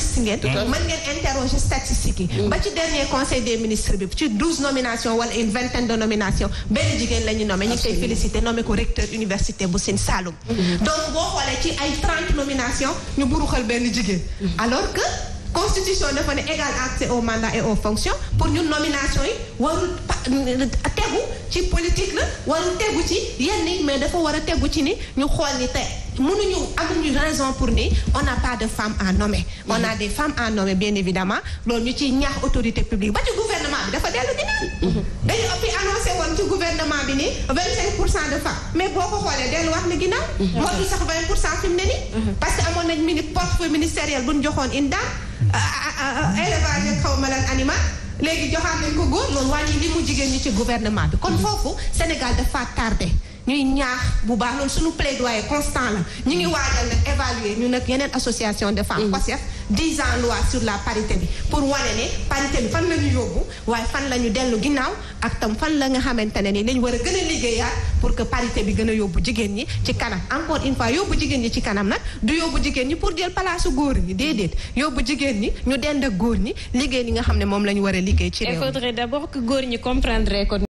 analyste ngeen. mën ngeen interroger statistiques yi. Mm. ba ci dernier conseil des ministres bi ci douze nominations wala une vingtaine benn jigéen la ñu nommé koy félicité nommé ko recteur université bu Sine Saloum. Mm-hmm. donc boo xoolee ci ay trente nominations ñu buruxal benn jigéen. Mm-hmm. alors que. constitution dafa ne égal accès au mandat et aux fonctions pour ñun nomination yi warul tegu ci politique la warul tegu ci yenn yi mais dafa war a tegu ci ni ñu xool ni tey mënuñu amuñu raison pour ni on n'a pas de femmes à nommer mhm. on a des femmes à nommer bien évidemment loolu ñu ci ñaax autorité publique ba ci gouvernement bi dafa dellu ginnaaw mhm. dañu ëppi annoncé woon ci gouvernement bi ni vingt cinq pour cent de femmes mais boo ko xoolee dellu wax na ginnaaw motul mhm. sax ni parce que amoon bu ñu joxoon une Euh, euh, euh, élevage ak xaw ma lan animal léegi joxaat nañ ko góor loolu wàññi li mu jigéen ñi ci gouvernement bi kon foofu Sénégal dafa tardé ñuy ñaax bu baax loolu suñu plaidoyer constant la ñu ngi waajal nag évaluer ñu nag yeneen association de femmes COSEF mm. dix ans loi sur la parité bi pour wane ne parité bi fan la ñu yóbbu waaye fan la ñu dellu ginnaaw ak tam fan la nga xamante ne ni lañ war a gën a liggéeyaat pour que parité bi gën a yóbbu jigéen ñi ci kanam encore une fois yóbbu jigéen ñi ci kanam nag du yóbbu jigéen ñi pour jël palaasu góor ñi déedéet yóbbu jigéen ñi ñu dend góor ñi liggéey li nga xam ne moom la ñu war a liggéey ci réew ñi comprendre ko